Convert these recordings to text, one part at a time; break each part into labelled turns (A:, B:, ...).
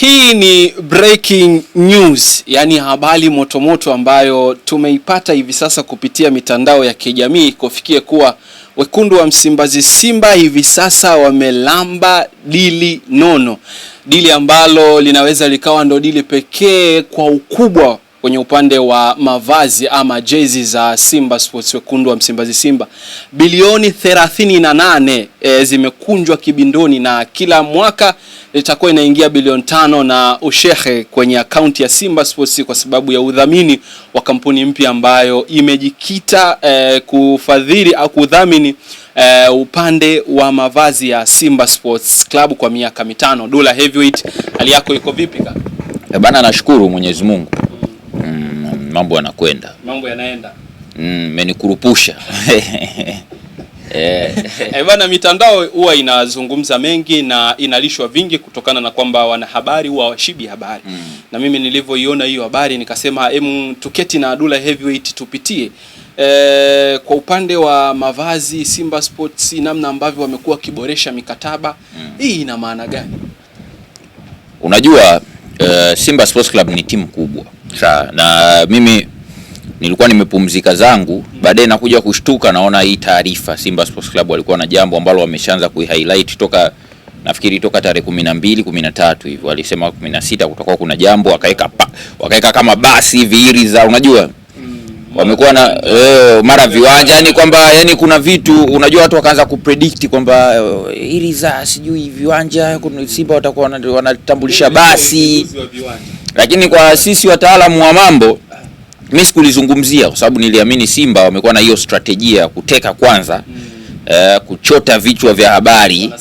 A: Hii ni breaking news, yaani habari motomoto ambayo tumeipata hivi sasa kupitia mitandao ya kijamii kufikia kuwa wekundu wa Msimbazi Simba hivi sasa wamelamba dili nono, dili ambalo linaweza likawa ndo dili pekee kwa ukubwa kwenye upande wa mavazi ama jezi za Simba Sports. Wekundu wa Msimbazi Simba bilioni 38 e, eh, zimekunjwa kibindoni na kila mwaka itakuwa inaingia bilioni tano na ushehe kwenye akaunti ya Simba Sports kwa sababu ya udhamini wa kampuni mpya ambayo imejikita eh, kufadhili au kudhamini eh, upande wa mavazi ya Simba Sports Club kwa miaka mitano. Dula Heavyweight, hali yako iko vipi ka? E
B: eh, bana, nashukuru Mwenyezi Mungu mm, mambo yanakwenda,
A: mambo yanaenda
B: mm, menikurupusha
A: Eh. Eh, bana mitandao huwa inazungumza mengi na inalishwa vingi kutokana na kwamba wanahabari huwa washibi habari mm. Na mimi nilivyoiona hiyo habari nikasema em, tuketi na Dula Heavyweight tupitie e, kwa upande wa mavazi Simba Sports, namna ambavyo wamekuwa wakiboresha mikataba mm. Hii ina maana gani?
B: Unajua uh, Simba Sports Club ni timu kubwa Sa, na mimi nilikuwa nimepumzika zangu, baadaye nakuja kushtuka, naona hii taarifa Simba Sports Club walikuwa na jambo ambalo wameshaanza kuihighlight toka nafikiri toka tarehe kumi na mbili kumi na tatu hivyo, walisema kumi na sita kutakuwa kuna jambo, wakaweka wakaweka kama basi viiri za unajua mm. wamekuwa na eh, mara viwanja yani kwamba yani kuna vitu unajua, watu wakaanza kupredict kwamba eh, ili za sijui viwanja Simba watakuwa wanatambulisha basi, lakini kwa sisi wataalamu wa mambo mimi sikulizungumzia kwa sababu niliamini Simba wamekuwa na hiyo strategia ya kuteka kwanza mm. eh, kuchota vichwa vya habari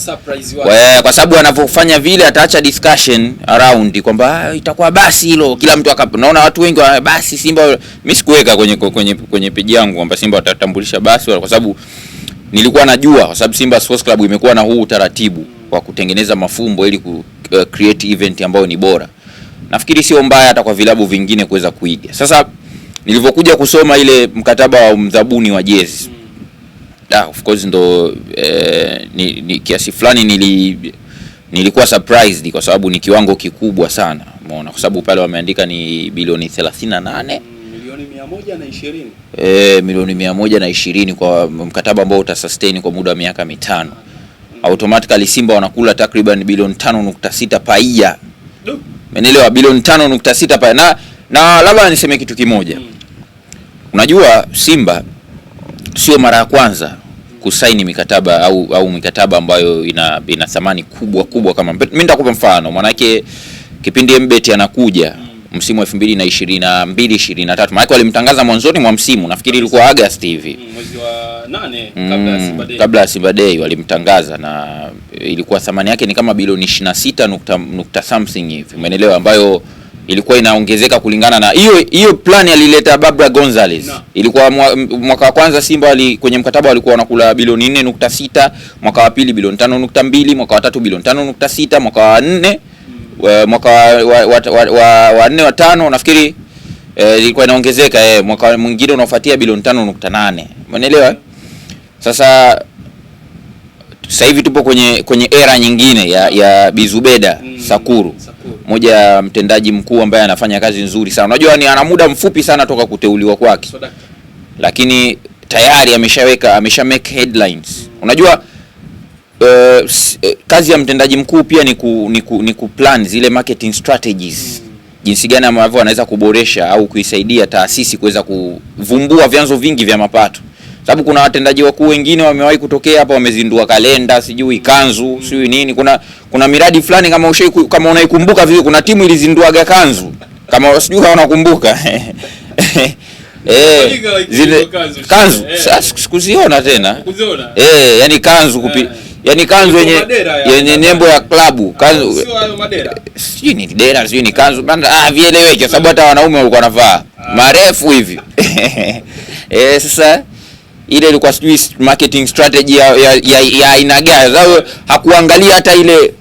B: kwa, eh, kwa sababu wanavyofanya vile ataacha discussion around kwamba ah, itakuwa basi hilo, kila mtu naona watu wengi wa basi Simba. Mimi sikuweka kwenye, kwenye, kwenye peji yangu kwamba Simba watatambulisha basi, kwa sababu nilikuwa najua, kwa sababu Simba Sports Club imekuwa na huu utaratibu wa kutengeneza mafumbo ili ku uh, create event ambayo ni bora. Nafikiri sio mbaya hata kwa vilabu vingine kuweza kuiga sasa nilivyokuja kusoma ile mkataba wa mdhabuni wa jezi da, of course ndo eh, ni, ni, kiasi fulani nili nilikuwa surprised kwa sababu ni kiwango kikubwa sana, umeona, kwa sababu pale wameandika ni bilioni 38
A: milioni 120
B: eh, milioni 120 kwa mkataba ambao utasustain kwa muda wa miaka mitano. mm. Automatically Simba wanakula takriban bilioni 5.6 paia, umeelewa? Bilioni 5.6 paia na, na labda niseme kitu kimoja mm. Unajua Simba sio mara ya kwanza kusaini mikataba au, au mikataba ambayo ina, ina thamani kubwa kubwa. Kama mimi nitakupa mfano, mwanake kipindi Mbeti anakuja msimu wa 2022 23 maana walimtangaza mwanzoni mwa msimu, nafikiri ilikuwa August hivi mm,
A: mwezi wa
B: mm, kabla ya Simba Day walimtangaza, na ilikuwa thamani yake ni kama bilioni 26 nukta, nukta something hivi, umeelewa ambayo ilikuwa inaongezeka kulingana na hiyo hiyo plan alileta Barbara Gonzalez. no. Ilikuwa mwaka wa kwanza Simba wali, kwenye mkataba walikuwa wanakula bilioni 4.6, mwaka wa pili bilioni 5.2, mwaka wa tatu bilioni 5.6, mwaka wa nne hmm. eh, mwaka wa wa, wa, wa, wa nne wa tano nafikiri eh, ilikuwa eh, inaongezeka eh, mwaka mwingine unaofuatia bilioni 5.8. Umeelewa? Sasa sasa hivi tupo kwenye kwenye era nyingine ya ya Bizubeda mm. Sakuru moja ya mtendaji mkuu ambaye anafanya kazi nzuri sana. Unajua ni ana muda mfupi sana toka kuteuliwa kwake, lakini tayari ameshaweka amesha make headlines. Unajua uh, kazi ya mtendaji mkuu pia ni ku, ni ku, ni ku plan zile marketing strategies hmm. jinsi gani ambavyo anaweza kuboresha au kuisaidia taasisi kuweza kuvumbua vyanzo vingi vya mapato sababu kuna watendaji wakuu wengine wamewahi kutokea hapa, wamezindua kalenda, sijui kanzu, hmm. sijui nini. Kuna kuna miradi fulani kama ushe, kama unaikumbuka vile, kuna timu ilizinduaga kanzu, kama sijui kama unakumbuka
A: Eh, zile
B: kanzu eh. sikuziona tena eh, yani kanzu kupi, eh. yani kanzu yenye yenye nembo ya klabu ah, kanzu, sijui ni dera, sijui ni kanzu bana, ah, vieleweke, sababu hata wanaume walikuwa wanavaa ah. marefu hivi eh, sasa ile ilikuwa sijui marketing strategy ya ya ya aina gani. sababu hakuangalia hata ile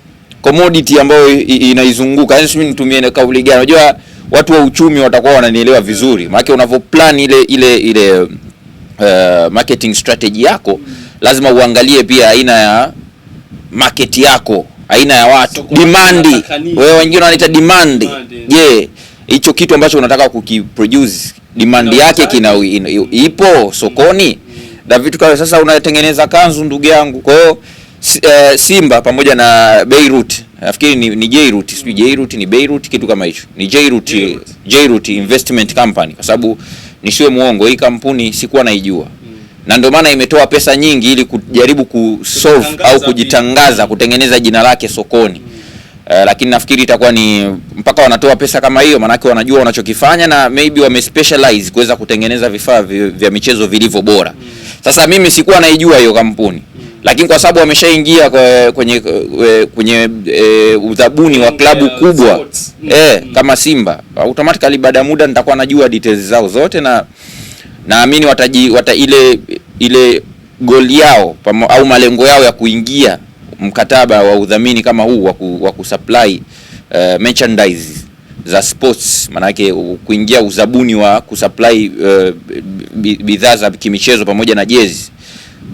B: commodity ambayo inaizunguka. yani sijui nitumie na kauli gani. Unajua watu wa uchumi watakuwa wananielewa vizuri. Maana unavyo plan ile ile ile uh, marketing strategy yako lazima uangalie pia aina ya market yako, aina ya watu, so, demand. Wewe wengine wanaita demand. Eh. Je, yeah. hicho kitu ambacho unataka kukiproduce demand yake kina ipo sokoni? mm na vitu kama sasa, unatengeneza kanzu ndugu yangu. Kwa hiyo e, Simba pamoja na Beirut nafikiri ni, ni Jairut sijui Jairut ni Beirut kitu kama hicho ni Jairut, Jairut. Investment Company kwa sababu nisiwe muongo, hii kampuni sikuwa naijua hmm. na ndio maana imetoa pesa nyingi ili kujaribu kusolve au kujitangaza kutengeneza jina lake sokoni Uh, lakini nafikiri itakuwa ni mpaka wanatoa pesa kama hiyo, maanake wanajua wanachokifanya na maybe wame specialize kuweza kutengeneza vifaa vya michezo vilivyo bora mm. Sasa mimi sikuwa naijua hiyo kampuni mm. lakini kwa sababu wameshaingia kwenye kwenye e, udhabuni wa klabu kubwa e, kama Simba automatically, baada ya muda nitakuwa najua details zao zote, na naamini wataji wata ile ile goal yao pamo, au malengo yao ya kuingia mkataba wa udhamini kama huu wa kusupply uh, eh, merchandise za sports, maanake kuingia uzabuni wa kusupply uh, bidhaa za kimichezo pamoja na jezi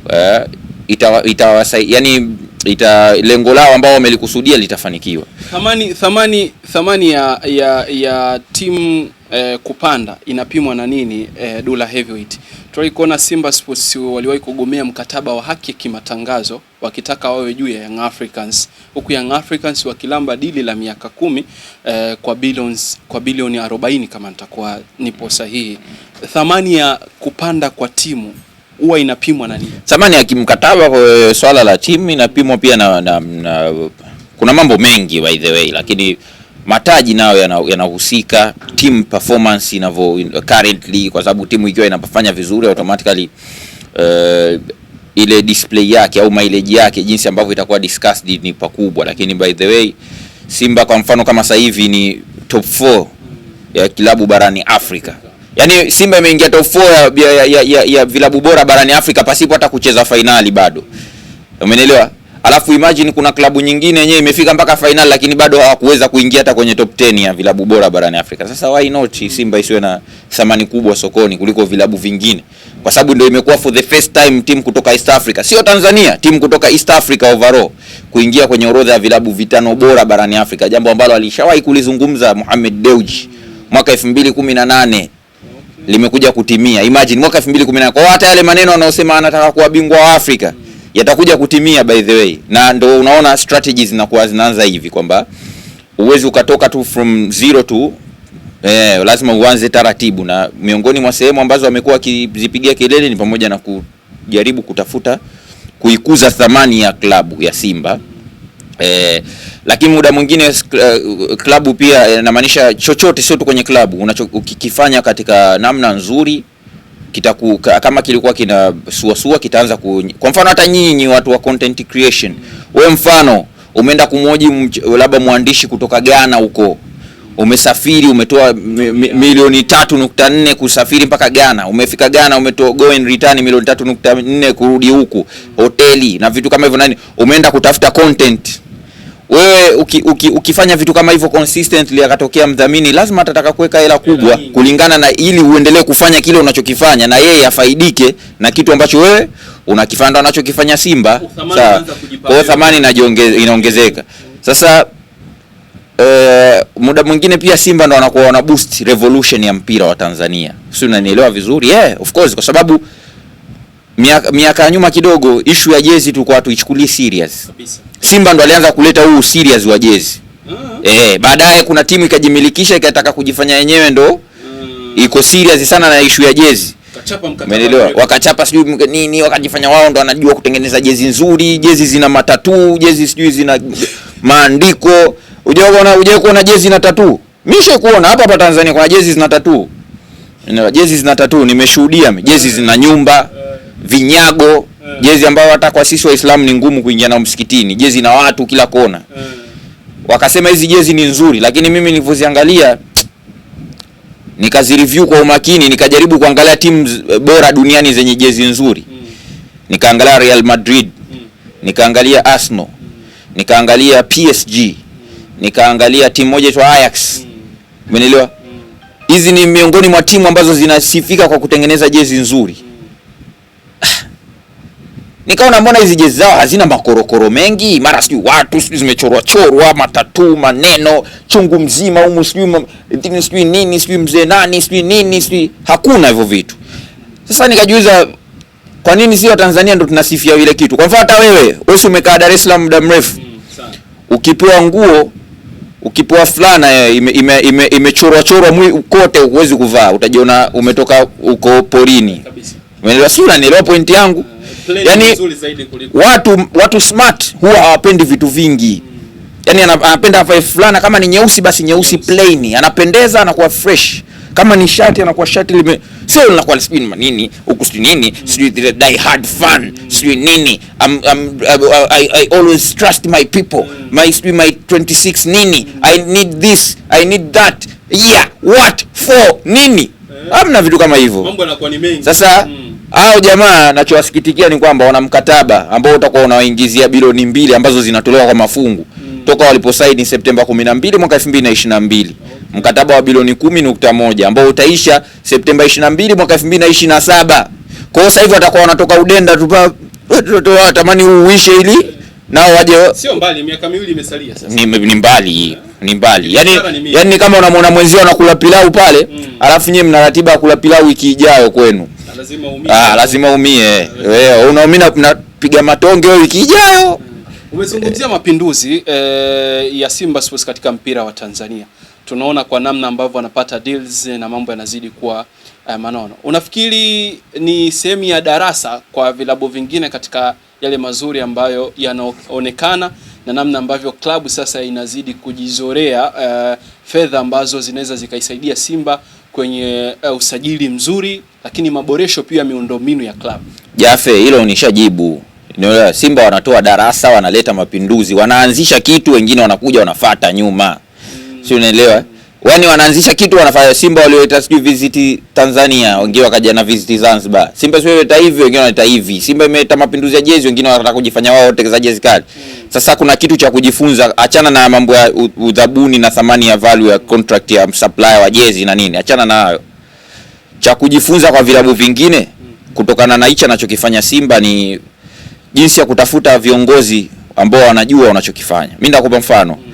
B: uh, eh, ita, ita, yani ita lengo lao ambao wamelikusudia litafanikiwa.
A: Thamani, thamani, thamani ya, ya, ya timu eh, kupanda inapimwa na nini eh, Dula Heavyweight. Tuliwahi kuona Simba Sports waliwahi kugomea mkataba wa haki ya kimatangazo wakitaka wawe juu ya Young Africans, huku Young Africans wakilamba dili la miaka kumi eh, kwa billions, kwa bilioni 40 kama nitakuwa nipo sahihi. Thamani ya kupanda kwa timu huwa inapimwa na nini?
B: Thamani ya kimkataba kwa eh, swala la timu inapimwa pia na, na, na kuna mambo mengi by the way, lakini mm -hmm mataji nayo yanahusika, yana team performance inavyo currently, kwa sababu timu ikiwa inafanya vizuri automatically uh, ile display yake au mileage yake jinsi ambavyo itakuwa discussed ni pakubwa. Lakini by the way, Simba kwa mfano kama sasa hivi ni top 4 ya kilabu barani Afrika. Yaani Simba imeingia top 4 ya, ya, ya, ya, ya vilabu bora barani Afrika pasipo hata kucheza fainali bado. Umeelewa? Alafu imagine kuna klabu nyingine yenyewe imefika mpaka final lakini bado hawakuweza kuingia hata kwenye top 10 ya vilabu bora barani Afrika. Sasa why not hmm. Simba isiwe na thamani kubwa sokoni kuliko vilabu vingine? Kwa sababu ndio imekuwa for the first time timu kutoka East Africa, sio Tanzania, timu kutoka East Africa overall kuingia kwenye orodha ya vilabu vitano bora barani Afrika, jambo ambalo alishawahi kulizungumza Mohamed Dewji mwaka 2018 limekuja kutimia. Imagine mwaka 2018 kwa hata yale maneno anayosema anataka kuwa bingwa wa Afrika yatakuja kutimia by the way, na ndo unaona strategies zinakuwa zinaanza hivi kwamba uwezi ukatoka tu from zero tu eh, lazima uanze taratibu, na miongoni mwa sehemu ambazo wamekuwa wakizipigia kelele ni pamoja na kujaribu kutafuta kuikuza thamani ya klabu ya Simba eh, lakini muda mwingine eh, klabu pia inamaanisha chochote, sio tu kwenye klabu unachokifanya katika namna nzuri kitaku, kama kilikuwa kina suasua kitaanza ku, kwa mfano hata nyinyi watu wa content creation, we mfano umeenda kumwoji labda mwandishi kutoka Ghana huko umesafiri umetoa milioni tatu nukta nne kusafiri mpaka Ghana, umefika Ghana, umetoa go and return milioni tatu nukta nne kurudi huku, hoteli na vitu kama hivyo, nani umeenda kutafuta content wewe uki, uki, ukifanya vitu kama hivyo consistently, akatokea mdhamini, lazima atataka kuweka hela kubwa kulingana na, ili uendelee kufanya kile unachokifanya na yeye afaidike na kitu ambacho wewe unakifanya, anachokifanya Simba. Sawa, kwa hiyo thamani inaongezeka sasa. E, muda mwingine pia Simba ndo wanakuwa wana boost revolution ya mpira wa Tanzania, si unanielewa vizuri? Yeah, of course, kwa sababu miaka, miaka nyuma kidogo ishu ya jezi tulikuwa hatuichukulii serious kabisa. Simba ndo alianza kuleta huu serious wa jezi uh ah. -huh. Eh, baadaye kuna timu ikajimilikisha ikataka kujifanya yenyewe ndo uh hmm. -huh. iko serious sana na ishu ya jezi Umeelewa? Wakachapa sijui nini, wakajifanya wao ndo wanajua kutengeneza jezi nzuri, jezi zina matatu, jezi sijui zina maandiko. Ujaona, ujawahi kuona jezi na tatu? Mimi nishakuona hapa hapa Tanzania kuna jezi zina tatu. Jezi zina tatu, nimeshuhudia Jezi zina nyumba vinyago yeah. Jezi ambayo hata kwa sisi Waislamu ni ngumu kuingia na msikitini, jezi na watu kila kona yeah. Wakasema hizi jezi ni nzuri, lakini mimi nilivyoziangalia nikazi review kwa umakini, nikajaribu kuangalia timu eh, bora duniani zenye jezi nzuri mm. Nikaangalia Real Madrid mm. Nikaangalia Arsenal mm. Nikaangalia PSG mm. Nikaangalia timu moja itwa Ajax hmm. umenielewa mm. Hizi ni miongoni mwa timu ambazo zinasifika kwa kutengeneza jezi nzuri mm nikaona mbona hizi jezi zao hazina makorokoro mengi, mara sijui watu sijui zimechorwa chorwa matatu maneno chungu mzima humu sijui sijui nini sijui mzee nani sijui nini sijui, hakuna hivyo vitu. Sasa nikajiuliza kwa nini sio Tanzania ndo tunasifia ile kitu? Kwa mfano hata wewe wewe umekaa Dar es Salaam muda mrefu, mm, ukipewa nguo ukipewa fulana imechorwa ime, ime chorwa mwili kote huwezi kuvaa, utajiona umetoka uko porini. Umeelewa? Si unanielewa pointi yangu? Ah yani watu, watu smart huwa hawapendi vitu vingi mm. Yani anapenda avae fulana kama ni nyeusi basi nyeusi, nyeusi. Plain anapendeza anakuwa fresh kama ni shati anakuwa shati lime sio linakuwa sijui manini huku sijui nini mm. sijui the die hard fan mm. sijui nini I'm, I'm, I, I I, always trust my people mm. my sijui my 26 nini mm. I need this I need that yeah what for nini eh. hamna amna vitu kama hivyo,
A: mambo yanakuwa ni mengi
B: sasa mm. Hao jamaa nachowasikitikia ni kwamba wana mkataba ambao utakuwa unawaingizia bilioni mbili ambazo zinatolewa kwa mafungu mm. toka waliposaini Septemba 12 mwaka 2022. Mkataba wa bilioni 10.1 ambao utaisha Septemba 22 mwaka 2027. Kwa hiyo sasa hivi watakuwa wanatoka udenda tu watamani uishe ili nao waje.
A: Sio mbali, miaka miwili imesalia
B: sasa. Ni, ni mbali ni mbali yaani, yani kama unamwona mwenzio anakula pilau pale mm. alafu nyie mna ratiba ya kula pilau wiki ijayo kwenu lazima umie, ah, lazima umie. Wewe unaumia napiga matonge wewe wiki ijayo. Mm.
A: Umezungumzia mapinduzi eh, ya Simba Sports katika mpira wa Tanzania. Tunaona kwa namna ambavyo wanapata deals na mambo yanazidi kuwa eh, manono. Unafikiri ni sehemu ya darasa kwa vilabu vingine katika yale mazuri ambayo yanaonekana na namna ambavyo klabu sasa inazidi kujizorea eh, fedha ambazo zinaweza zikaisaidia Simba kwenye eh, usajili mzuri lakini maboresho pia miundombinu ya klabu.
B: Jafe, hilo nishajibu. Simba wanatoa darasa, wanaleta mapinduzi, wanaanzisha kitu, wengine wanakuja wanafata nyuma mm. si unaelewa? Yaani wanaanzisha kitu wanafanya. Simba walioleta sijui visit Tanzania, wengine wakaja na visit Zanzibar. Simba sio ileta hivi, wengine wanaleta hivi. Simba imeleta mapinduzi ya jezi, wengine wanataka kujifanya wao watekeza jezi kali. Mm. Sasa kuna kitu cha kujifunza, achana na mambo ya udhabuni na thamani ya value ya contract ya supplier wa jezi na nini, achana nayo na cha kujifunza kwa vilabu vingine hmm. kutokana na hichi anachokifanya Simba ni jinsi ya kutafuta viongozi ambao wanajua wanachokifanya. Mimi ndakupa mfano. Hmm.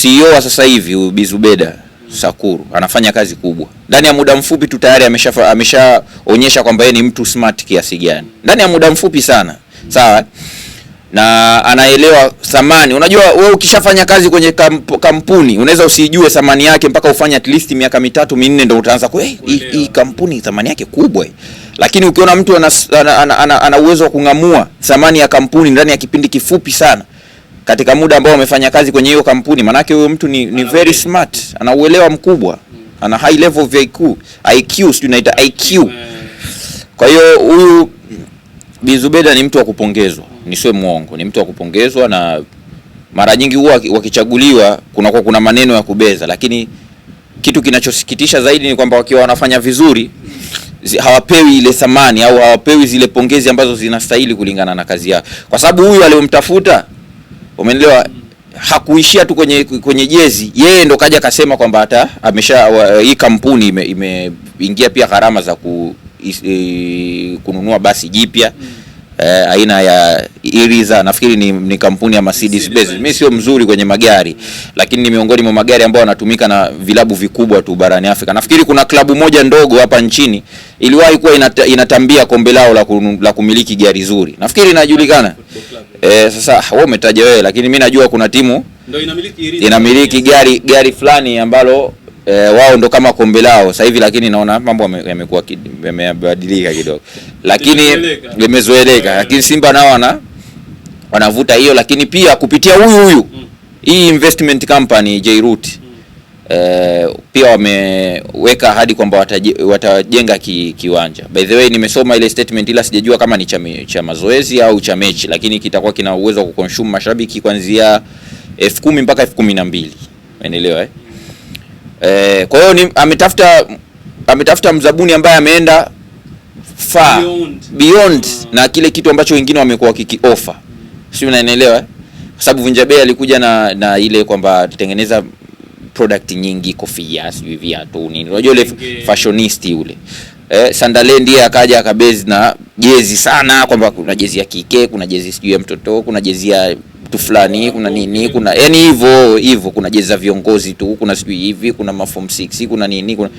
B: CEO wa sasa hivi Bizubeda hmm. Sakuru anafanya kazi kubwa. Ndani ya muda mfupi tu tayari amesha ameshaonyesha kwamba yeye ni mtu smart kiasi gani. Ndani ya muda mfupi sana. Sawa? na anaelewa thamani. Unajua wewe ukishafanya kazi kwenye kamp, kampuni unaweza usijue thamani yake mpaka ufanye at least miaka mitatu minne, ndio utaanza ku eh, hii hey, kampuni thamani yake kubwa. Lakini ukiona mtu ana, ana, ana, ana, ana uwezo wa kung'amua thamani ya kampuni ndani ya kipindi kifupi sana katika muda ambao amefanya kazi kwenye hiyo kampuni, maanake huyo mtu ni, ni very smart, ana uelewa mkubwa, ana high level of IQ, IQ sio inaita IQ. Kwa hiyo huyu Bizubeda ni mtu wa kupongezwa, nisiwe mwongo, ni mtu wa kupongezwa na mara nyingi huwa wakichaguliwa kuna kwa kuna maneno ya kubeza, lakini kitu kinachosikitisha zaidi ni kwamba wakiwa wanafanya vizuri hawapewi ile thamani au hawapewi zile pongezi ambazo zinastahili kulingana na kazi yao, kwa sababu huyu aliyomtafuta, umeelewa, hakuishia tu kwenye kwenye jezi. Yeye ndo kaja kasema kwamba hata amesha hii kampuni imeingia ime pia gharama za ku e, kununua basi jipya mm. E, aina ya Iriza nafikiri ni, ni kampuni ya Mercedes Benz. Mimi sio mzuri kwenye magari mm. lakini ni miongoni mwa magari ambayo yanatumika na vilabu vikubwa tu barani Afrika. Nafikiri kuna klabu moja ndogo hapa nchini iliwahi kuwa inata, inatambia kombe lao la, la kumiliki gari zuri. Nafikiri inajulikana. E, sasa wewe umetaja wewe lakini mimi najua kuna timu ndio inamiliki Inamiliki gari gari fulani ambalo E, wao ndo kama kombe lao sasa hivi, lakini naona mambo yamekuwa yamebadilika kidogo, lakini limezoeleka, lakini Simba nao wana wanavuta hiyo, lakini pia kupitia huyu huyu mm. hii investment company Jairut mm. e, pia wameweka ahadi kwamba watajenga ki, kiwanja. By the way, nimesoma ile statement, ila sijajua kama ni cha, cha mazoezi au cha mechi, lakini kitakuwa kina uwezo wa kuconsume mashabiki kuanzia elfu kumi mpaka elfu kumi na mbili umeelewa eh? Eh, kwa hiyo ni ametafuta ametafuta mzabuni ambaye ameenda far beyond, beyond mm. na kile kitu ambacho wengine wamekuwa wakikiofa. Sio, unanielewa eh? Kwa sababu Vunja Bei alikuja na na ile kwamba tutengeneza product nyingi, kofia, sijui viatu nini. Unajua yule fashionist yule. Eh, Sandale ndiye akaja akabezi na jezi sana kwamba kuna jezi ya kike, kuna jezi sijui ya mtoto, kuna jezi ya kitu fulani, kuna nini, kuna yani hivyo hivyo, kuna jezi za viongozi tu, kuna sijui hivi, kuna maform 6 kuna nini, kuna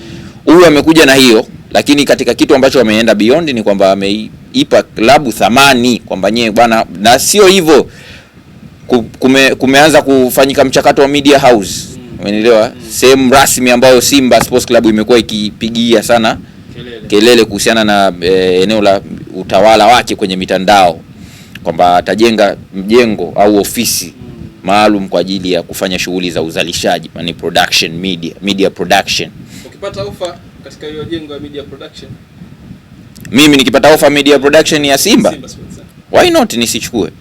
B: huyu amekuja na hiyo, lakini katika kitu ambacho ameenda beyond ni kwamba ameipa klabu thamani kwamba nyewe bwana, na sio hivyo kume, kumeanza kufanyika mchakato wa media house, umeelewa, sehemu rasmi ambayo Simba Sports Club imekuwa ikipigia sana kelele, kelele kuhusiana na e, eneo la utawala wake kwenye mitandao kwamba atajenga mjengo au ofisi maalum kwa ajili ya kufanya shughuli za uzalishaji, yani production media, media production.
A: Ukipata ofa katika hiyo jengo ya media production,
B: mimi nikipata ofa media production ya Simba, Simba eh. why not nisichukue? Okay.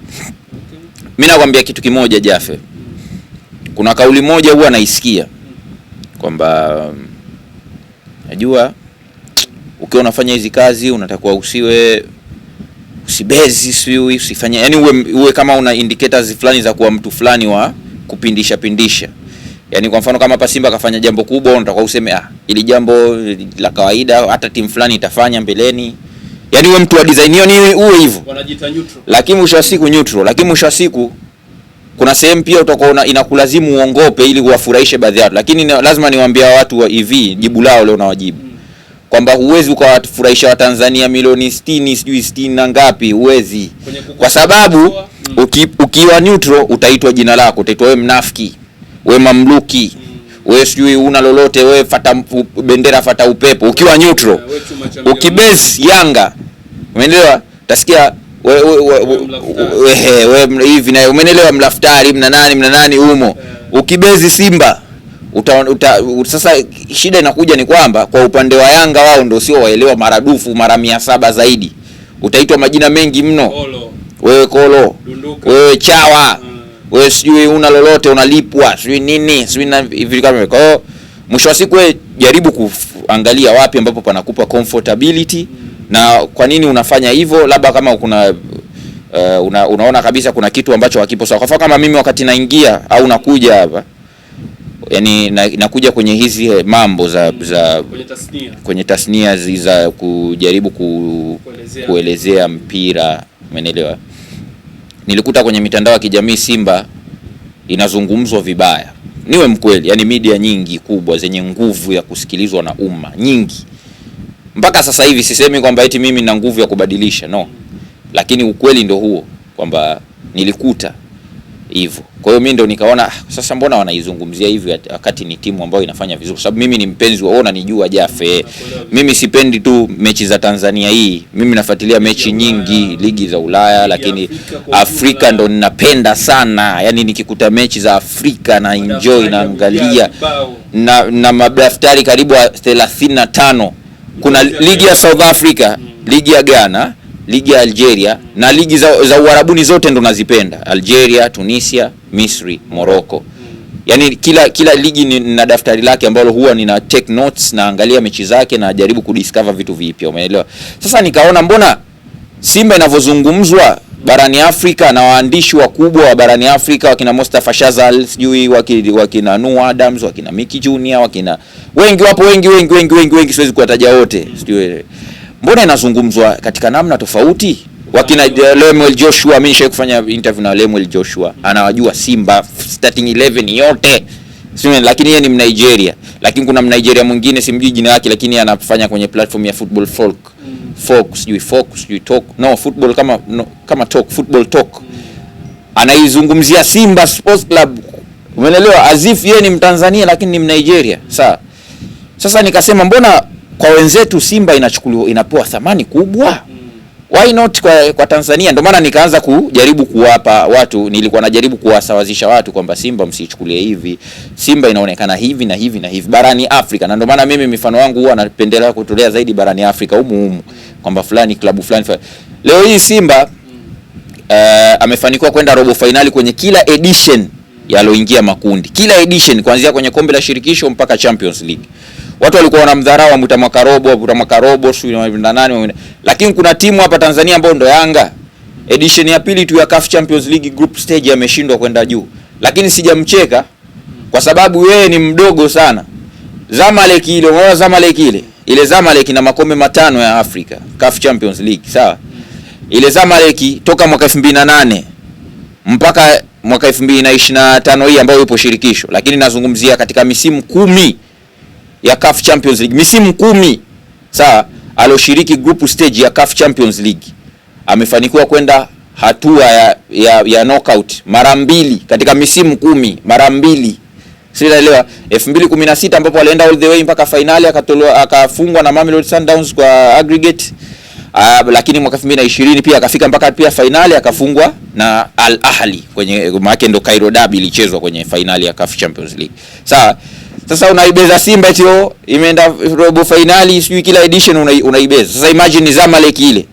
B: Mimi nakwambia kitu kimoja Jafe, kuna kauli moja huwa naisikia kwamba najua ukiwa unafanya hizi kazi unatakiwa usiwe usibezi siu usifanye, yani uwe, uwe kama una indicators fulani za kuwa mtu fulani wa kupindisha pindisha. Yani kwa mfano kama hapa Simba kafanya jambo kubwa, unataka useme ah, ili jambo la kawaida, hata timu fulani itafanya mbeleni. Yani uwe mtu wa design hiyo, ni uwe hivyo,
A: wanajiita neutral,
B: lakini mwisho wa siku neutral, lakini mwisho wa siku kuna sehemu pia utakuwa inakulazimu uongope ili uwafurahishe baadhi yao, lakini lazima niwaambia watu wa EV jibu lao leo na nawajibu kwamba huwezi ukawafurahisha Watanzania milioni 60 sijui 60 na ngapi, huwezi, kwa sababu uki, ukiwa neutral utaitwa jina lako, utaitwa wewe mnafiki, we mamluki we sijui una lolote we fata bendera fata upepo. Ukiwa neutral, ukibase Yanga, umeelewa? Utasikia
A: we, we, we, we, we,
B: we, we, we, na umeelewa, mlaftari mna nani mna nani humo. ukibezi Simba uta, uta, sasa shida inakuja ni kwamba kwa upande wa Yanga wao ndio sio waelewa maradufu mara mia saba zaidi, utaitwa majina mengi mno kolo. Wewe kolo Dunduka. Wewe chawa hmm. Wewe sijui una lolote unalipwa sijui nini sijui na hivi kama kwa mwisho wa siku wewe jaribu kuangalia wapi ambapo panakupa comfortability hmm. na kwa nini unafanya hivyo, labda kama kuna uh, una, unaona kabisa kuna kitu ambacho hakipo sawa. Kwa mfano kama mimi wakati naingia au nakuja hapa yani inakuja kwenye hizi eh, mambo za, mm. za
A: kwenye tasnia,
B: kwenye tasnia za kujaribu ku, kuelezea, kuelezea mpira umeelewa. Nilikuta kwenye mitandao ya kijamii Simba inazungumzwa vibaya, niwe mkweli, yani media nyingi kubwa zenye nguvu ya kusikilizwa na umma nyingi. Mpaka sasa hivi sisemi kwamba eti mimi na nguvu ya kubadilisha no, lakini ukweli ndio huo kwamba nilikuta hivyo. Kwa hiyo mimi ndo nikaona ah, sasa, mbona wanaizungumzia hivyo wakati ni timu ambayo inafanya vizuri? Sababu mimi ni mpenzi wao, ona, nijua Jafe, eh. mimi sipendi tu mechi za Tanzania hii, mimi nafuatilia mechi nyingi ligi za Ulaya, lakini Afrika ndo ninapenda sana. Yani nikikuta mechi za Afrika na enjoy angalia na, na madaftari karibu 35 kuna ligi ya South Africa, ligi ya Ghana ligi ya Algeria na ligi za, za Uarabuni zote ndo nazipenda, Algeria, Tunisia, Misri, Morocco. Yaani kila kila ligi nina daftari lake ambalo huwa nina take notes, naangalia mechi zake na jaribu kudiscover vitu vipya, umeelewa? Sasa nikaona mbona Simba inavyozungumzwa barani Afrika na waandishi wakubwa wa barani Afrika wakina Mustafa Shazal, sijui wakina, wakina Nu Adams, wakina Mickey Junior, wakina wengi wapo, wengi wengi wengi wengi wengi, siwezi kuwataja wote, sijui mbona inazungumzwa katika namna tofauti? Wakina Lemuel Joshua, mimi nishawahi kufanya interview na Lemuel Joshua, anawajua Simba starting 11 yote Simen, lakini yeye ni Mnigeria, lakini kuna Mnigeria mwingine simjui jina lake, lakini anafanya kwenye platform ya football folk mm. folk sijui folk sijui talk no football kama no, kama talk football talk anaizungumzia Simba Sports Club, umeelewa? Azif yeye ni Mtanzania lakini ni Mnigeria. Sasa sasa nikasema mbona kwa wenzetu Simba inachukuliwa inapewa thamani kubwa Why not kwa, kwa Tanzania? Ndio maana nikaanza kujaribu kuwapa watu, nilikuwa najaribu kuwasawazisha watu kwamba Simba msichukulie hivi, Simba inaonekana hivi na hivi na hivi barani Afrika, na ndio maana mimi mifano wangu huwa napendelea kutolea zaidi barani Afrika humu humu, kwamba fulani klabu fulani, fulani. Leo hii Simba uh, amefanikiwa kwenda robo fainali kwenye kila edition yaloingia makundi, kila edition kuanzia kwenye kombe la shirikisho mpaka Champions League watu walikuwa wanamdharau amuita mwakarobo amuita mwakarobo sio na nani, lakini kuna timu hapa Tanzania ambayo ndo Yanga edition ya pili tu ya CAF Champions League group stage ameshindwa kwenda juu, lakini sijamcheka kwa sababu yeye ni mdogo sana. Zamalek ile, unaona Zamalek ile ile Zamalek na makombe matano ya Afrika CAF Champions League, sawa? Ile Zamalek toka mwaka 2008 mpaka mwaka 2025 hii ambayo yupo shirikisho, lakini nazungumzia katika misimu kumi ya CAF Champions League misimu kumi sawa, alioshiriki group stage ya CAF Champions League amefanikiwa kwenda hatua ya, ya, ya knockout mara mbili katika misimu kumi mara mbili Sinaelewa 2016 ambapo alienda all the way mpaka fainali akatolewa akafungwa na Mamelodi Sundowns kwa aggregate. Uh, lakini mwaka 2020 pia akafika mpaka pia fainali akafungwa na Al Ahli kwenye maana yake ndo Cairo Derby ilichezwa kwenye fainali ya CAF Champions League. Sawa. Sasa unaibeza Simba eti oh, imeenda robo finali, sijui kila edition unaibeza. Sasa imagine ni Zamalek ile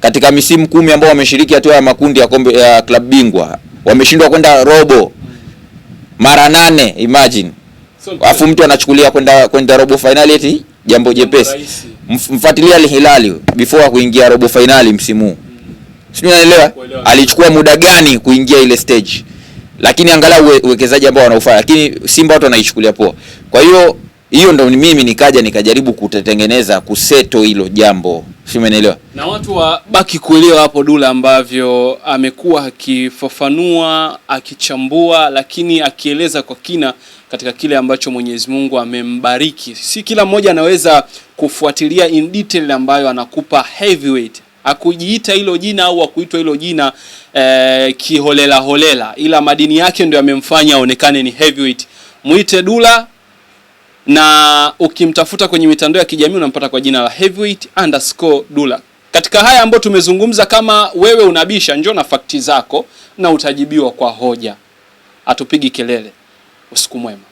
B: katika misimu kumi ambao wameshiriki hatua ya makundi ya kombe ya klabu bingwa wameshindwa kwenda robo mara nane, imagine alafu mtu anachukulia kwenda kwenda robo finali eti jambo jepesi. Mfuatilia Al Hilali before kuingia robo finali msimu, huu, mm. sijui unaelewa, alichukua muda gani kuingia ile stage lakini angalau uwekezaji ambao wanaofanya, lakini Simba watu wanaichukulia poa. Kwa hiyo hiyo ndo mimi nikaja nikajaribu kutetengeneza kuseto hilo jambo, si umeelewa?
A: Na watu wabaki kuelewa hapo Dula ambavyo amekuwa akifafanua akichambua, lakini akieleza kwa kina katika kile ambacho Mwenyezi Mungu amembariki. Si kila mmoja anaweza kufuatilia in detail ambayo anakupa Heavyweight akujiita hilo jina au akuitwa hilo jina eh, kiholela holela, ila madini yake ndio yamemfanya aonekane ni heavyweight. Mwite Dula na ukimtafuta kwenye mitandao ya kijamii unampata kwa jina la heavyweight underscore Dula. Katika haya ambayo tumezungumza, kama wewe unabisha, njoo na fakti zako na utajibiwa kwa hoja. Atupigi kelele. Usiku mwema.